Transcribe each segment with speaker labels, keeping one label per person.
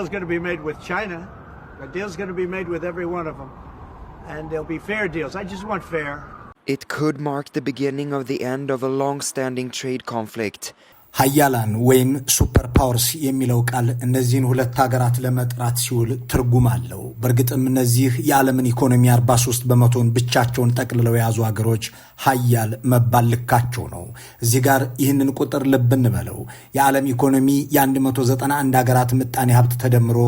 Speaker 1: deal's going to be made with China. A deal's going to be made with every one of them. And there'll be fair deals. I just want fair.
Speaker 2: It could mark the beginning of the end of a long-standing trade conflict.
Speaker 3: ሀያላን ወይም ሱፐር ፓወርስ የሚለው ቃል እነዚህን ሁለት ሀገራት ለመጥራት ሲውል ትርጉም አለው። በእርግጥም እነዚህ የዓለምን ኢኮኖሚ 43 በመቶን ብቻቸውን ጠቅልለው የያዙ ሀገሮች ሀያል መባል ልካቸው ነው። እዚህ ጋር ይህንን ቁጥር ልብ እንበለው። የዓለም ኢኮኖሚ የ191 ሀገራት ምጣኔ ሀብት ተደምሮ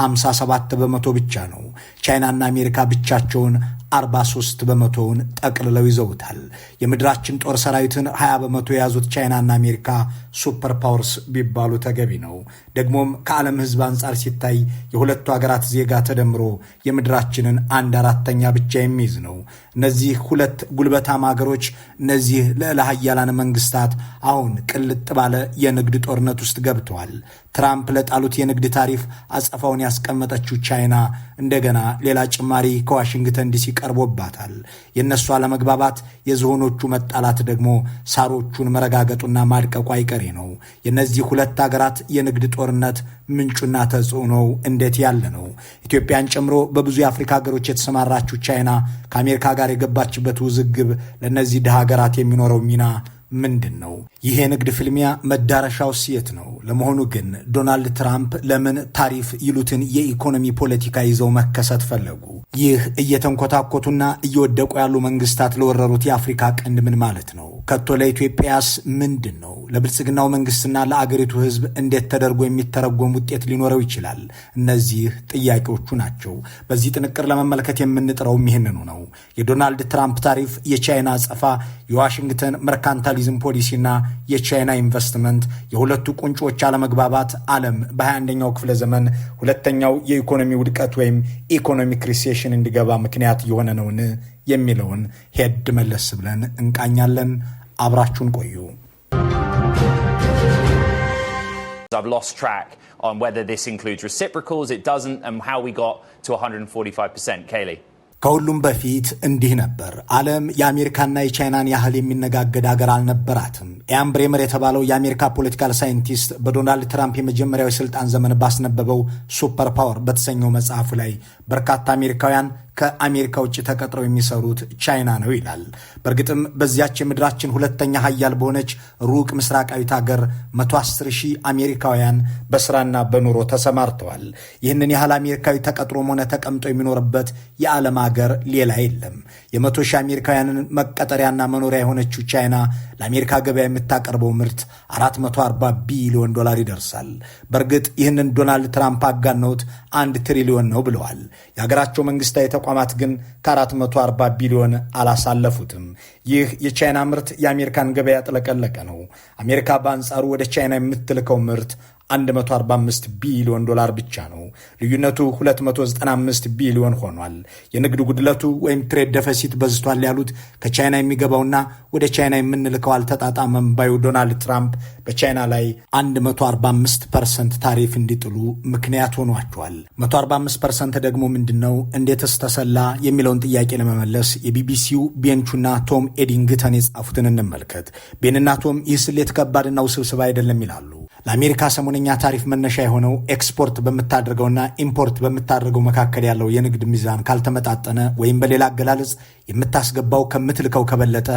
Speaker 3: 57 በመቶ ብቻ ነው። ቻይናና አሜሪካ ብቻቸውን 43 በመቶውን ጠቅልለው ይዘውታል። የምድራችን ጦር ሰራዊትን 20 በመቶ የያዙት ቻይናና አሜሪካ ሱፐር ፓወርስ ቢባሉ ተገቢ ነው። ደግሞም ከዓለም ሕዝብ አንጻር ሲታይ የሁለቱ ሀገራት ዜጋ ተደምሮ የምድራችንን አንድ አራተኛ ብቻ የሚይዝ ነው። እነዚህ ሁለት ጉልበታማ ሀገሮች እነዚህ ልዕለ ሀያላን መንግስታት አሁን ቅልጥ ባለ የንግድ ጦርነት ውስጥ ገብተዋል። ትራምፕ ለጣሉት የንግድ ታሪፍ አጸፋውን ያስቀመጠችው ቻይና እንደገና ሌላ ጭማሪ ከዋሽንግተን ዲሲ ቀርቦባታል። የእነሱ አለመግባባት፣ የዝሆኖቹ መጣላት ደግሞ ሳሮቹን መረጋገጡና ማድቀቁ አይቀሬ ነው። የእነዚህ ሁለት አገራት የንግድ ጦርነት ምንጩና ተጽዕኖው እንዴት ያለ ነው? ኢትዮጵያን ጨምሮ በብዙ የአፍሪካ ሀገሮች የተሰማራችው ቻይና ከአሜሪካ ጋር የገባችበት ውዝግብ ለእነዚህ ድሃ ሀገራት የሚኖረው ሚና ምንድን ነው? ይህ የንግድ ፍልሚያ መዳረሻውስ የት ነው? ለመሆኑ ግን ዶናልድ ትራምፕ ለምን ታሪፍ ይሉትን የኢኮኖሚ ፖለቲካ ይዘው መከሰት ፈለጉ? ይህ እየተንኮታኮቱና እየወደቁ ያሉ መንግስታት ለወረሩት የአፍሪካ ቀንድ ምን ማለት ነው? ከቶ ለኢትዮጵያስ ምንድን ነው? ለብልጽግናው መንግስትና ለአገሪቱ ህዝብ እንዴት ተደርጎ የሚተረጎም ውጤት ሊኖረው ይችላል? እነዚህ ጥያቄዎቹ ናቸው። በዚህ ጥንቅር ለመመልከት የምንጥረውም ይህንኑ ነው። የዶናልድ ትራምፕ ታሪፍ፣ የቻይና ጸፋ፣ የዋሽንግተን መርካንታሊ የናሽናሊዝም ፖሊሲና የቻይና ኢንቨስትመንት የሁለቱ ቁንጮች አለመግባባት ዓለም በ21ኛው ክፍለ ዘመን ሁለተኛው የኢኮኖሚ ውድቀት ወይም ኢኮኖሚክ ሪሴሽን እንዲገባ ምክንያት የሆነ ነውን የሚለውን ሄድ መለስ ብለን እንቃኛለን። አብራችሁን ቆዩ።
Speaker 4: on whether this includes reciprocals, it doesn't, and how we got to 145%. Kaylee.
Speaker 3: ከሁሉም በፊት እንዲህ ነበር። ዓለም የአሜሪካና የቻይናን ያህል የሚነጋገድ አገር አልነበራትም። ኢያን ብሬመር የተባለው የአሜሪካ ፖለቲካል ሳይንቲስት በዶናልድ ትራምፕ የመጀመሪያው ስልጣን ዘመን ባስነበበው ሱፐር ፓወር በተሰኘው መጽሐፉ ላይ በርካታ አሜሪካውያን ከአሜሪካ ውጭ ተቀጥረው የሚሰሩት ቻይና ነው ይላል። በእርግጥም በዚያች የምድራችን ሁለተኛ ሀያል በሆነች ሩቅ ምስራቃዊት ሀገር 110 ሺህ አሜሪካውያን በስራና በኑሮ ተሰማርተዋል። ይህንን ያህል አሜሪካዊ ተቀጥሮም ሆነ ተቀምጦ የሚኖርበት የዓለም ሀገር ሌላ የለም። የመቶ ሺህ አሜሪካውያንን መቀጠሪያና መኖሪያ የሆነችው ቻይና ለአሜሪካ ገበያ የምታቀርበው ምርት 440 ቢሊዮን ዶላር ይደርሳል። በእርግጥ ይህንን ዶናልድ ትራምፕ አጋነውት አንድ ትሪሊዮን ነው ብለዋል። የሀገራቸው መንግስታዊ ተቋማት ግን ከ440 ቢሊዮን አላሳለፉትም። ይህ የቻይና ምርት የአሜሪካን ገበያ ጥለቀለቀ ነው። አሜሪካ በአንጻሩ ወደ ቻይና የምትልከው ምርት 145 ቢሊዮን ዶላር ብቻ ነው። ልዩነቱ 295 ቢሊዮን ሆኗል። የንግድ ጉድለቱ ወይም ትሬድ ደፈሲት በዝቷል ያሉት ከቻይና የሚገባውና ወደ ቻይና የምንልከው አልተጣጣመም ባዩ ዶናልድ ትራምፕ በቻይና ላይ 145 ፐርሰንት ታሪፍ እንዲጥሉ ምክንያት ሆኗቸዋል። 145 ፐርሰንት ደግሞ ምንድን ነው? እንዴትስ ተሰላ? የሚለውን ጥያቄ ለመመለስ የቢቢሲው ቤንቹና ቶም ኤዲንግተን የጻፉትን እንመልከት። ቤንና ቶም ይህ ስሌት ከባድና ውስብስብ አይደለም ይላሉ። ለአሜሪካ ሰሞነኛ ታሪፍ መነሻ የሆነው ኤክስፖርት በምታደርገውና ኢምፖርት በምታደርገው መካከል ያለው የንግድ ሚዛን ካልተመጣጠነ ወይም በሌላ አገላለጽ የምታስገባው ከምትልከው ከበለጠ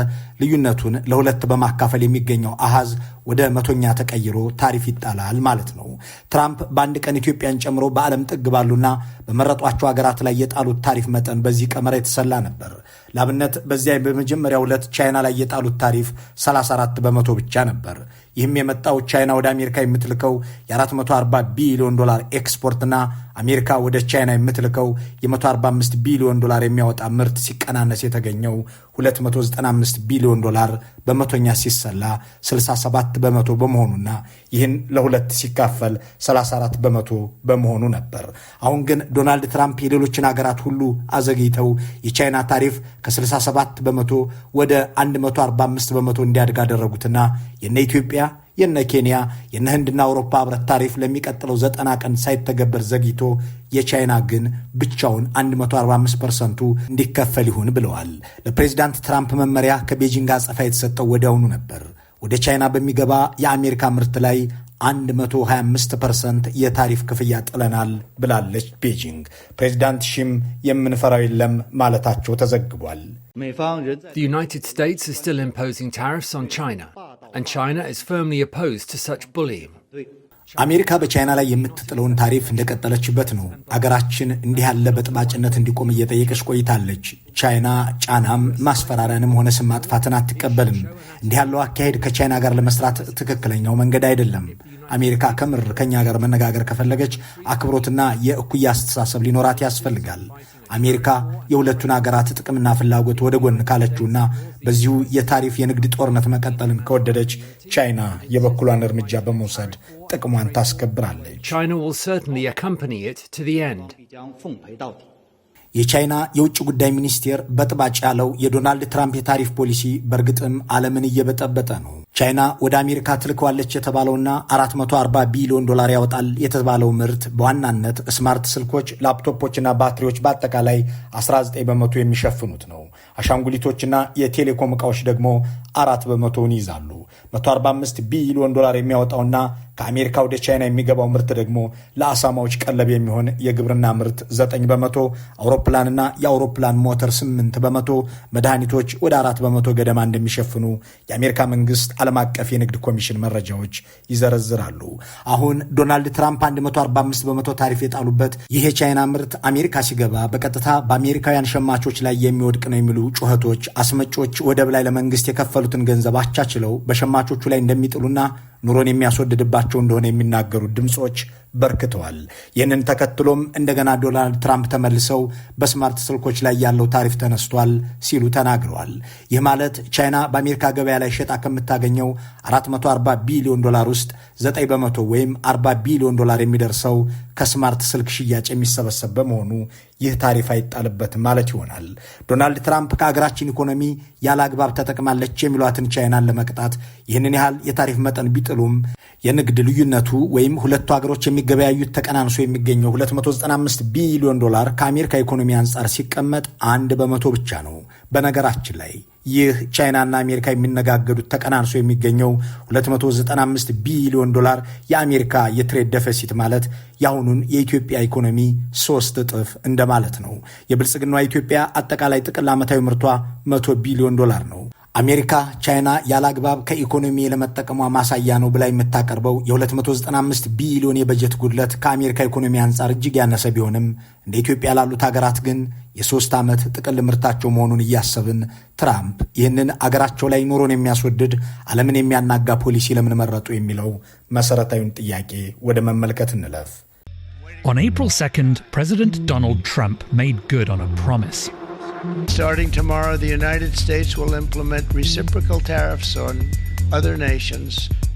Speaker 3: ልዩነቱን ለሁለት በማካፈል የሚገኘው አሃዝ ወደ መቶኛ ተቀይሮ ታሪፍ ይጣላል ማለት ነው። ትራምፕ በአንድ ቀን ኢትዮጵያን ጨምሮ በዓለም ጥግ ባሉና በመረጧቸው ሀገራት ላይ የጣሉት ታሪፍ መጠን በዚህ ቀመራ የተሰላ ነበር። ለአብነት በዚያ በመጀመሪያው ዕለት ቻይና ላይ የጣሉት ታሪፍ 34 በመቶ ብቻ ነበር። ይህም የመጣው ቻይና ወደ አሜሪካ የምትልከው የ440 ቢሊዮን ዶላር ኤክስፖርትና አሜሪካ ወደ ቻይና የምትልከው የ145 ቢሊዮን ዶላር የሚያወጣ ምርት ሲቀናነስ የተገኘው 295 ቢሊዮን ዶላር በመቶኛ ሲሰላ 67 በመቶ በመሆኑና ይህን ለሁለት ሲካፈል 34 በመቶ በመሆኑ ነበር። አሁን ግን ዶናልድ ትራምፕ የሌሎችን ሀገራት ሁሉ አዘግይተው የቻይና ታሪፍ ከ67 በመቶ ወደ 145 በመቶ እንዲያድግ አደረጉትና የነ ኢትዮጵያ የነ ኬንያ የነ ህንድና አውሮፓ ህብረት ታሪፍ ለሚቀጥለው ዘጠና ቀን ሳይተገበር ዘግይቶ የቻይና ግን ብቻውን 145 ፐርሰንቱ እንዲከፈል ይሁን ብለዋል። ለፕሬዚዳንት ትራምፕ መመሪያ ከቤጂንግ አጸፋ የተሰጠው ወዲያውኑ ነበር። ወደ ቻይና በሚገባ የአሜሪካ ምርት ላይ 125 ፐርሰንት የታሪፍ ክፍያ ጥለናል ብላለች ቤጂንግ። ፕሬዚዳንት ሺም የምንፈራው የለም ማለታቸው ተዘግቧል።
Speaker 2: The United States is still
Speaker 3: አሜሪካ በቻይና ላይ የምትጥለውን ታሪፍ እንደቀጠለችበት ነው። አገራችን እንዲህ ያለ በጥባጭነት እንዲቆም እየጠየቀች ቆይታለች። ቻይና ጫናም ማስፈራሪያንም ሆነ ስም ማጥፋትን አትቀበልም። እንዲህ ያለው አካሄድ ከቻይና ጋር ለመስራት ትክክለኛው መንገድ አይደለም። አሜሪካ ከምር ከእኛ ጋር መነጋገር ከፈለገች አክብሮትና የእኩያ አስተሳሰብ ሊኖራት ያስፈልጋል። አሜሪካ የሁለቱን አገራት ጥቅምና ፍላጎት ወደ ጎን ካለችውና በዚሁ የታሪፍ የንግድ ጦርነት መቀጠልን ከወደደች ቻይና የበኩሏን እርምጃ በመውሰድ ጥቅሟን ታስከብራለች። የቻይና የውጭ ጉዳይ ሚኒስቴር በጥባጭ ያለው የዶናልድ ትራምፕ የታሪፍ ፖሊሲ በእርግጥም ዓለምን እየበጠበጠ ነው። ቻይና ወደ አሜሪካ ትልከዋለች የተባለውና 440 ቢሊዮን ዶላር ያወጣል የተባለው ምርት በዋናነት ስማርት ስልኮች፣ ላፕቶፖችና ባትሪዎች በአጠቃላይ 19 በመቶ የሚሸፍኑት ነው። አሻንጉሊቶችና የቴሌኮም እቃዎች ደግሞ አራት በመቶውን ይይዛሉ። 145 ቢሊዮን ዶላር የሚያወጣውና ከአሜሪካ ወደ ቻይና የሚገባው ምርት ደግሞ ለአሳማዎች ቀለብ የሚሆን የግብርና ምርት 9 በመቶ፣ አውሮፕላንና የአውሮፕላን ሞተር 8 በመቶ፣ መድኃኒቶች ወደ 4 በመቶ ገደማ እንደሚሸፍኑ የአሜሪካ መንግስት ዓለም አቀፍ የንግድ ኮሚሽን መረጃዎች ይዘረዝራሉ። አሁን ዶናልድ ትራምፕ 145 በመቶ ታሪፍ የጣሉበት ይህ የቻይና ምርት አሜሪካ ሲገባ በቀጥታ በአሜሪካውያን ሸማቾች ላይ የሚወድቅ ነው የሚሉ ጩኸቶች አስመጮች ወደብ ላይ ለመንግስት የከፈሉትን ገንዘብ አቻችለው በሸማቾቹ ላይ እንደሚጥሉና ኑሮን የሚያስወድድባቸው እንደሆነ የሚናገሩት ድምፆች በርክተዋል። ይህንን ተከትሎም እንደገና ዶናልድ ትራምፕ ተመልሰው በስማርት ስልኮች ላይ ያለው ታሪፍ ተነስቷል ሲሉ ተናግረዋል። ይህ ማለት ቻይና በአሜሪካ ገበያ ላይ ሸጣ ከምታገኘው 440 ቢሊዮን ዶላር ውስጥ 9 በመቶ ወይም 40 ቢሊዮን ዶላር የሚደርሰው ከስማርት ስልክ ሽያጭ የሚሰበሰብ በመሆኑ ይህ ታሪፍ አይጣልበትም ማለት ይሆናል። ዶናልድ ትራምፕ ከሀገራችን ኢኮኖሚ ያለ አግባብ ተጠቅማለች የሚሏትን ቻይናን ለመቅጣት ይህንን ያህል የታሪፍ መጠን ቢጥሉም የንግድ ልዩነቱ ወይም ሁለቱ ሀገሮች የሚ ሲገበያዩት ተቀናንሶ የሚገኘው 295 ቢሊዮን ዶላር ከአሜሪካ ኢኮኖሚ አንጻር ሲቀመጥ አንድ በመቶ ብቻ ነው። በነገራችን ላይ ይህ ቻይናና አሜሪካ የሚነጋገዱት ተቀናንሶ የሚገኘው 295 ቢሊዮን ዶላር የአሜሪካ የትሬድ ደፈሲት ማለት የአሁኑን የኢትዮጵያ ኢኮኖሚ ሶስት እጥፍ እንደማለት ነው። የብልጽግናዋ ኢትዮጵያ አጠቃላይ ጥቅል ዓመታዊ ምርቷ 100 ቢሊዮን ዶላር ነው። አሜሪካ ቻይና ያለ አግባብ ከኢኮኖሚ ለመጠቀሟ ማሳያ ነው ብላ የምታቀርበው የ295 ቢሊዮን የበጀት ጉድለት ከአሜሪካ ኢኮኖሚ አንጻር እጅግ ያነሰ ቢሆንም እንደ ኢትዮጵያ ላሉት ሀገራት ግን የሶስት ዓመት ጥቅል ምርታቸው መሆኑን እያሰብን ትራምፕ ይህንን አገራቸው ላይ ኑሮን የሚያስወድድ ዓለምን የሚያናጋ ፖሊሲ ለምን መረጡ የሚለው መሰረታዊን ጥያቄ ወደ መመልከት እንለፍ።
Speaker 2: On April 2nd, President Donald Trump made good on a promise.
Speaker 1: Starting tomorrow, the United States will implement reciprocal tariffs on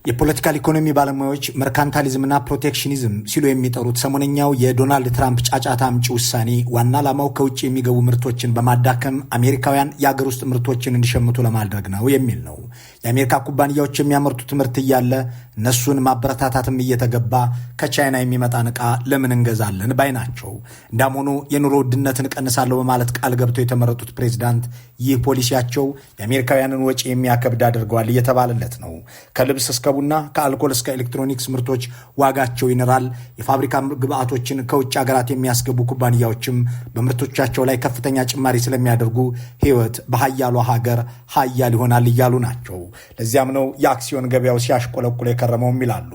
Speaker 3: የፖለቲካል ኢኮኖሚ ባለሙያዎች መርካንታሊዝምና ፕሮቴክሽኒዝም ሲሉ የሚጠሩት ሰሞነኛው የዶናልድ ትራምፕ ጫጫታ አምጪ ውሳኔ ዋና ዓላማው ከውጭ የሚገቡ ምርቶችን በማዳከም አሜሪካውያን የአገር ውስጥ ምርቶችን እንዲሸምቱ ለማድረግ ነው የሚል ነው። የአሜሪካ ኩባንያዎች የሚያመርቱት ምርት እያለ እነሱን ማበረታታትም እየተገባ ከቻይና የሚመጣን ዕቃ ለምን እንገዛለን ባይ ናቸው። እንዳም ሆኖ የኑሮ ውድነትን እቀንሳለሁ በማለት ቃል ገብተው የተመረጡት ፕሬዚዳንት ይህ ፖሊሲያቸው የአሜሪካውያንን ወጪ የሚያከብድ አድርገዋል እየተባለ ማለት ነው። ከልብስ እስከ ቡና፣ ከአልኮል እስከ ኤሌክትሮኒክስ ምርቶች ዋጋቸው ይኖራል። የፋብሪካ ግብዓቶችን ከውጭ ሀገራት የሚያስገቡ ኩባንያዎችም በምርቶቻቸው ላይ ከፍተኛ ጭማሪ ስለሚያደርጉ ህይወት በሀያሏ ሀገር ሀያል ይሆናል እያሉ ናቸው። ለዚያም ነው የአክሲዮን ገበያው ሲያሽቆለቁል የከረመውም ይላሉ።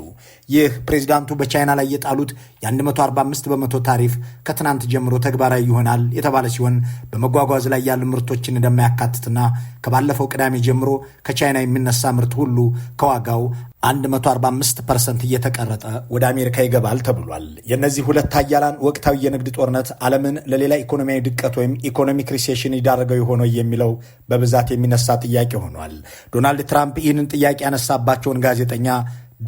Speaker 3: ይህ ፕሬዚዳንቱ በቻይና ላይ የጣሉት የ145 በመቶ ታሪፍ ከትናንት ጀምሮ ተግባራዊ ይሆናል የተባለ ሲሆን በመጓጓዝ ላይ ያሉ ምርቶችን እንደማያካትትና ከባለፈው ቅዳሜ ጀምሮ ከቻይና የሚነሳ ምርት ሁሉ ከዋጋው 145 ፐርሰንት እየተቀረጠ ወደ አሜሪካ ይገባል ተብሏል። የእነዚህ ሁለት አያላን ወቅታዊ የንግድ ጦርነት ዓለምን ለሌላ ኢኮኖሚያዊ ድቀት ወይም ኢኮኖሚክ ሪሴሽን ይዳረገው የሆነ የሚለው በብዛት የሚነሳ ጥያቄ ሆኗል። ዶናልድ ትራምፕ ይህንን ጥያቄ ያነሳባቸውን ጋዜጠኛ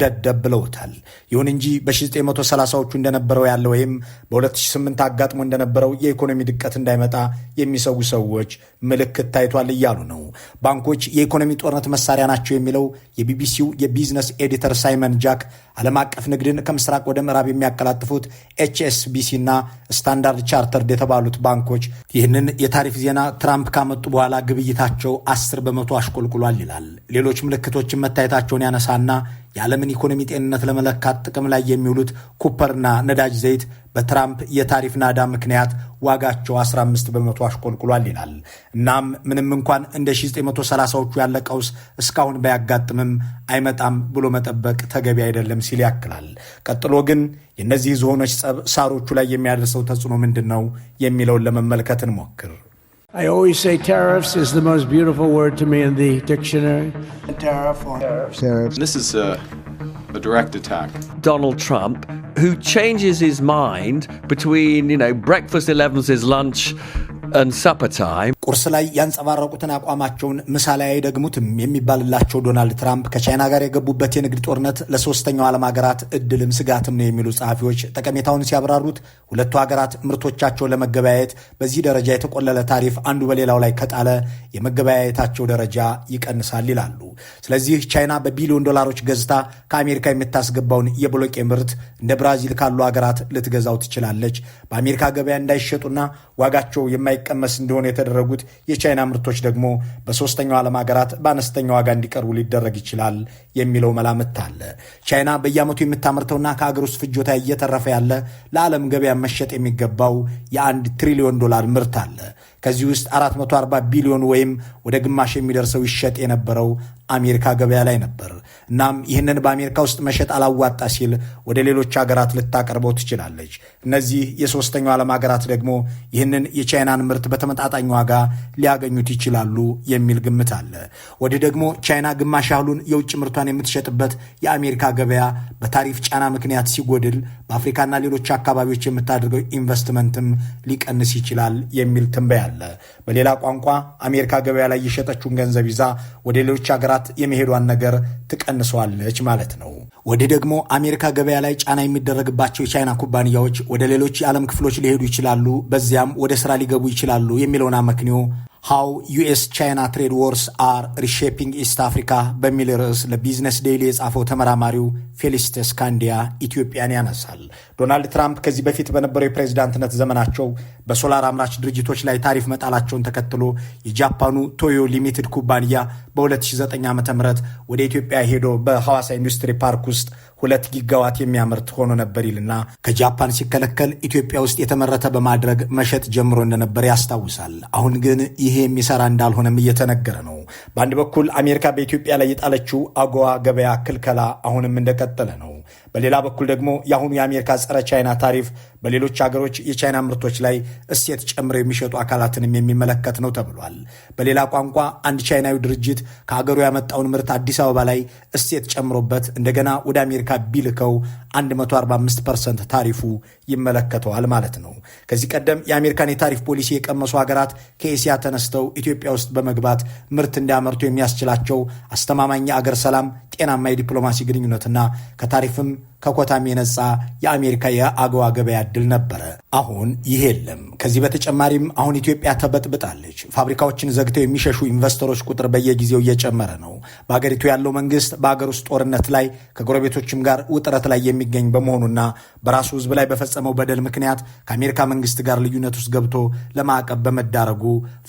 Speaker 3: ደደብ ብለውታል። ይሁን እንጂ በ1930ዎቹ እንደነበረው ያለ ወይም በ2008 አጋጥሞ እንደነበረው የኢኮኖሚ ድቀት እንዳይመጣ የሚሰጉ ሰዎች ምልክት ታይቷል እያሉ ነው። ባንኮች የኢኮኖሚ ጦርነት መሳሪያ ናቸው የሚለው የቢቢሲው የቢዝነስ ኤዲተር ሳይመን ጃክ ዓለም አቀፍ ንግድን ከምስራቅ ወደ ምዕራብ የሚያቀላጥፉት ኤችኤስቢሲ እና ስታንዳርድ ቻርተርድ የተባሉት ባንኮች ይህንን የታሪፍ ዜና ትራምፕ ካመጡ በኋላ ግብይታቸው አስር በመቶ አሽቆልቁሏል ይላል። ሌሎች ምልክቶችን መታየታቸውን ያነሳና የዓለምን ኢኮኖሚ ጤንነት ለመለካት ጥቅም ላይ የሚውሉት ኩፐርና ነዳጅ ዘይት በትራምፕ የታሪፍ ናዳ ምክንያት ዋጋቸው 15 በመቶ አሽቆልቁሏል ይላል። እናም ምንም እንኳን እንደ 1930ዎቹ ያለ ቀውስ እስካሁን ባያጋጥምም አይመጣም ብሎ መጠበቅ ተገቢ አይደለም ሲል ያክላል። ቀጥሎ ግን የእነዚህ ዝሆኖች ጸብ ሳሮቹ ላይ የሚያደርሰው ተጽዕኖ ምንድን ነው የሚለውን ለመመልከት እንሞክር።
Speaker 1: I always say tariffs is the most beautiful word to me in the dictionary. Tariff
Speaker 4: or tariffs. tariffs. This is a, a direct attack.
Speaker 2: Donald Trump, who changes his mind between, you know, breakfast 11's lunch and supper time.
Speaker 3: ቁርስ ላይ ያንጸባረቁትን አቋማቸውን ምሳሌ አይደግሙትም የሚባልላቸው ዶናልድ ትራምፕ ከቻይና ጋር የገቡበት የንግድ ጦርነት ለሶስተኛው ዓለም ሀገራት እድልም ስጋትም ነው የሚሉ ጸሐፊዎች ጠቀሜታውን ሲያብራሩት ሁለቱ ሀገራት ምርቶቻቸው ለመገበያየት በዚህ ደረጃ የተቆለለ ታሪፍ አንዱ በሌላው ላይ ከጣለ የመገበያየታቸው ደረጃ ይቀንሳል ይላሉ። ስለዚህ ቻይና በቢሊዮን ዶላሮች ገዝታ ከአሜሪካ የምታስገባውን የብሎቄ ምርት እንደ ብራዚል ካሉ ሀገራት ልትገዛው ትችላለች። በአሜሪካ ገበያ እንዳይሸጡና ዋጋቸው የማይቀመስ እንደሆነ የተደረጉት የቻይና ምርቶች ደግሞ በሶስተኛው ዓለም ሀገራት በአነስተኛ ዋጋ እንዲቀርቡ ሊደረግ ይችላል የሚለው መላምት አለ። ቻይና በየዓመቱ የምታመርተውና ከሀገር ውስጥ ፍጆታ እየተረፈ ያለ ለዓለም ገበያ መሸጥ የሚገባው የአንድ ትሪሊዮን ዶላር ምርት አለ። ከዚህ ውስጥ 440 ቢሊዮን ወይም ወደ ግማሽ የሚደርሰው ይሸጥ የነበረው አሜሪካ ገበያ ላይ ነበር። እናም ይህንን በአሜሪካ ውስጥ መሸጥ አላዋጣ ሲል ወደ ሌሎች ሀገራት ልታቀርበው ትችላለች። እነዚህ የሶስተኛው ዓለም ሀገራት ደግሞ ይህንን የቻይናን ምርት በተመጣጣኝ ዋጋ ሊያገኙት ይችላሉ የሚል ግምት አለ። ወዲህ ደግሞ ቻይና ግማሽ ያህሉን የውጭ ምርቷን የምትሸጥበት የአሜሪካ ገበያ በታሪፍ ጫና ምክንያት ሲጎድል በአፍሪካና ሌሎች አካባቢዎች የምታደርገው ኢንቨስትመንትም ሊቀንስ ይችላል የሚል ትንበያ አለ። በሌላ ቋንቋ አሜሪካ ገበያ ላይ የሸጠችውን ገንዘብ ይዛ ወደ ሌሎች ሀገራት የመሄዷን ነገር ጥቀን ቀንሰዋለች ማለት ነው። ወዲህ ደግሞ አሜሪካ ገበያ ላይ ጫና የሚደረግባቸው የቻይና ኩባንያዎች ወደ ሌሎች የዓለም ክፍሎች ሊሄዱ ይችላሉ፣ በዚያም ወደ ስራ ሊገቡ ይችላሉ የሚለውን አመክንዮ
Speaker 2: ሃው ዩኤስ ቻይና ትሬድ ዎርስ አር ሪሼፒንግ ኢስት አፍሪካ በሚል ርዕስ ለቢዝነስ ዴይሊ የጻፈው ተመራማሪው ፌሊክስ ካንዲያ ኢትዮጵያን ያነሳል።
Speaker 3: ዶናልድ ትራምፕ ከዚህ በፊት በነበረው የፕሬዝዳንትነት ዘመናቸው በሶላር አምራች ድርጅቶች ላይ ታሪፍ መጣላቸውን ተከትሎ የጃፓኑ ቶዮ ሊሚትድ ኩባንያ በ2009 ዓ ም ወደ ኢትዮጵያ ሄዶ በሐዋሳ ኢንዱስትሪ ፓርክ ውስጥ ሁለት ጊጋዋት የሚያመርት ሆኖ ነበር ይልና ከጃፓን ሲከለከል ኢትዮጵያ ውስጥ የተመረተ በማድረግ መሸጥ ጀምሮ እንደነበር ያስታውሳል። አሁን ግን ይሄ የሚሰራ እንዳልሆነም እየተነገረ ነው። በአንድ በኩል አሜሪካ በኢትዮጵያ ላይ የጣለችው አጎዋ ገበያ ክልከላ አሁንም እንደቀጠለ ነው። በሌላ በኩል ደግሞ የአሁኑ የአሜሪካ ጸረ ቻይና ታሪፍ በሌሎች ሀገሮች የቻይና ምርቶች ላይ እሴት ጨምረው የሚሸጡ አካላትንም የሚመለከት ነው ተብሏል። በሌላ ቋንቋ አንድ ቻይናዊ ድርጅት ከአገሩ ያመጣውን ምርት አዲስ አበባ ላይ እሴት ጨምሮበት እንደገና ወደ አሜሪካ ቢልከው 145 ፐርሰንት ታሪፉ ይመለከተዋል ማለት ነው። ከዚህ ቀደም የአሜሪካን የታሪፍ ፖሊሲ የቀመሱ ሀገራት ከኤስያ ተነስተው ኢትዮጵያ ውስጥ በመግባት ምርት እንዲያመርቱ የሚያስችላቸው አስተማማኝ የአገር ሰላም፣ ጤናማ የዲፕሎማሲ ግንኙነትና ከታሪፍም ከኮታም የነጻ የአሜሪካ የአገዋ ገበያ እድል ነበረ። አሁን ይሄ የለም። ከዚህ በተጨማሪም አሁን ኢትዮጵያ ተበጥብጣለች። ፋብሪካዎችን ዘግተው የሚሸሹ ኢንቨስተሮች ቁጥር በየጊዜው እየጨመረ ነው። በአገሪቱ ያለው መንግስት በአገር ውስጥ ጦርነት ላይ ከጎረቤቶችም ጋር ውጥረት ላይ የሚገኝ በመሆኑና በራሱ ህዝብ ላይ በፈጸመው በደል ምክንያት ከአሜሪካ መንግስት ጋር ልዩነት ውስጥ ገብቶ ለማዕቀብ በመዳረጉ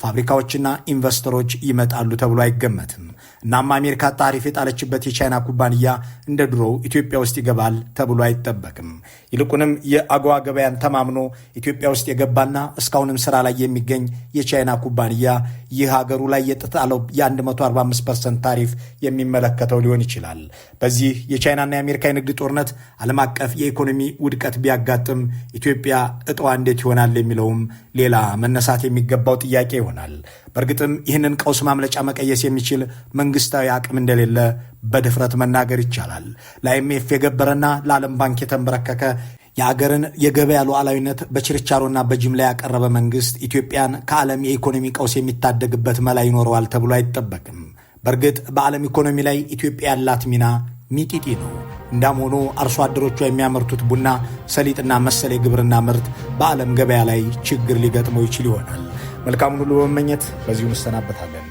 Speaker 3: ፋብሪካዎችና ኢንቨስተሮች ይመጣሉ ተብሎ አይገመትም። እናም አሜሪካ ታሪፍ የጣለችበት የቻይና ኩባንያ እንደ ድሮው ኢትዮጵያ ውስጥ ይገባል ተብሎ አይጠበቅም። ይልቁንም የአጓ ገበያን ተማምኖ ኢትዮጵያ ውስጥ የገባና እስካሁንም ስራ ላይ የሚገኝ የቻይና ኩባንያ ይህ ሀገሩ ላይ የተጣለው የ145 ፐርሰንት ታሪፍ የሚመለከተው ሊሆን ይችላል። በዚህ የቻይናና የአሜሪካ የንግድ ጦርነት ዓለም አቀፍ የኢኮኖሚ ውድቀት ቢያጋጥም ኢትዮጵያ እጠዋ እንዴት ይሆናል የሚለውም ሌላ መነሳት የሚገባው ጥያቄ ይሆናል። በእርግጥም ይህንን ቀውስ ማምለጫ መቀየስ የሚችል መንግስታዊ አቅም እንደሌለ በድፍረት መናገር ይቻላል። ለአይኤምኤፍ የገበረና ለዓለም ባንክ የተንበረከከ የአገርን የገበያ ሉዓላዊነት በችርቻሮና በጅምላ ያቀረበ መንግስት ኢትዮጵያን ከዓለም የኢኮኖሚ ቀውስ የሚታደግበት መላ ይኖረዋል ተብሎ አይጠበቅም። በእርግጥ በዓለም ኢኮኖሚ ላይ ኢትዮጵያ ያላት ሚና ሚጢጢ ነው። እንዳም ሆኖ አርሶ አደሮቿ የሚያመርቱት ቡና፣ ሰሊጥና መሰል የግብርና ምርት በዓለም ገበያ ላይ ችግር ሊገጥመው ይችል ይሆናል። መልካሙን ሁሉ በመመኘት በዚሁ እንሰናበታለን።